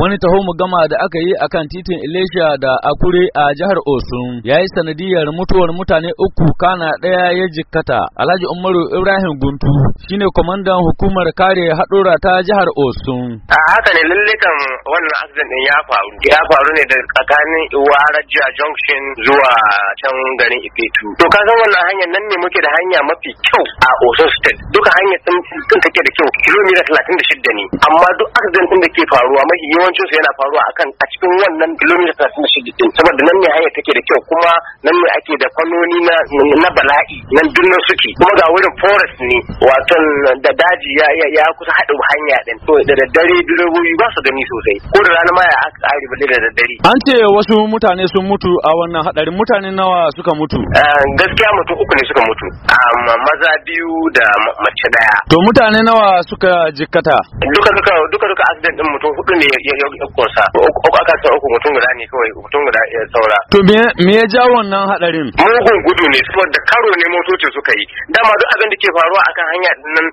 wani taho gama da aka yi a kan titin Ilesha da Akure a jihar Osun ya yi sanadiyar mutuwar mutane uku kana ɗaya ya jikkata. Alhaji Umaru Ibrahim Guntu shine kwamandan hukumar kare haɗura ta jihar Osun. A haka ne lalle kan wannan accident din ya faru. Ya faru ne da tsakanin Iwaraja Junction zuwa can garin Ifetu. To ka san wannan hanyar nan ne muke da hanya mafi kyau a Osun State. Duka hanyar sun take da kyau kilomita 36 ne. Amma duk accident din da ke faruwa mafi yawan yawancin su yana faruwa akan a cikin wannan kilomita na da shida saboda nan ne hanyar take da kyau kuma nan ne ake da fanoni na bala'i nan dunnan suke kuma ga wurin forest ne wato da daji ya ya kusa haɗa hanya din to da daddare direbobi ba su gani sosai ko da rana ma ya ari balle da daddare an ce wasu mutane sun mutu a wannan hadarin mutane nawa suka mutu eh, gaskiya mutum uku ne suka mutu maza biyu da mace daya to mutane nawa suka jikkata duka duka duka duka accident din mutum hudu ne ya uku aka sa uku mutum guda ne kawai mutum guda ya saura to me me ya ja wannan hadarin mugun gudu ne saboda karo ne motoci suka yi dama duk abin da ke faruwa akan hanya nan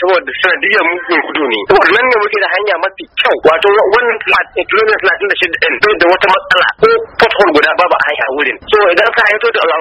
saboda sanadiyar mugun gudu ne nan ne muke da hanya mafi kyau wato wannan eh, kilomita talatin da da wata matsala ko pothole guda babu a hanya wurin so idan ka haito da a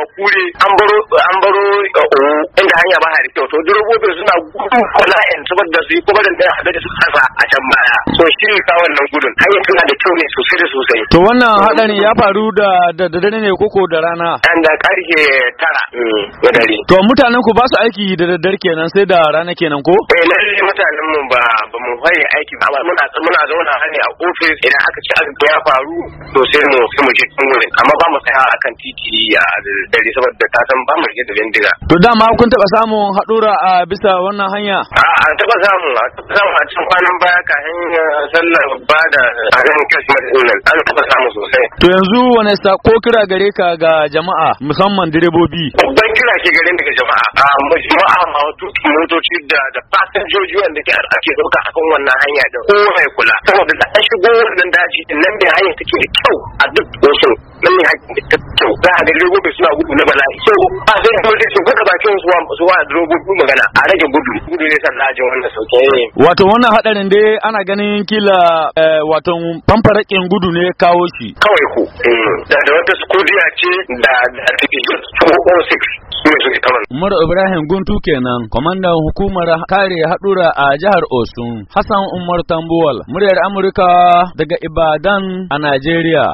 an baro an baro eh, inda hanya ba to to dirobobin suna gudun kwala'in saboda su yi kuma da haɗe da su kasa a can baya so shi ne sa wannan gudun hanyar suna da kyau ne sosai da sosai. to wannan haɗarin ya faru da da dare ne koko da rana. dan da ƙarfe tara mm, na dare. to mutanen ku ba su aiki da daddare kenan sai da rana kenan ko. eh lalle mutanen mu ba ba mu fara aiki ba muna muna zauna hani a ofis idan aka ce aka ya faru to sai mu sai mu je can amma ba mu tsaya akan titi a dare saboda ta san ba mu je da bindiga. to dama kun taɓa samun a dora a bisa wannan hanya an taɓa samu a samu a cikin kwanan baya hanyar eh, sallar ba da kafin christmas din nan an taɓa samu sosai to yanzu sa sako kira gare ka ga jama'a musamman direbobi babban kira ke gare daga jama'a a jama'a ma tuki motoci da da fasinjoji wanda ke ake dauka akan wannan hanya da kowa ya kula saboda da an shigo wannan daji nan da hanya take da kyau a duk wasu nan ne hakkin ta kyau za a ga direbobi suna gudu na bala'i so ba zai kuma da su buɗe bakin su su wa direbobi magana a rage gudu gudu ne sannan ajin wannan sauke wato wannan hadarin dai ana ganin kila eh, wato fanfarakin gudu ne kawo shi kawai ko eh, da da wata skudiya ce da da tikitin 206 Umar Ibrahim Guntu kenan, kwamandan hukumar kare haɗura a jihar Osun, Hassan Umar Tambuwal, muryar Amurka daga Ibadan a Najeriya.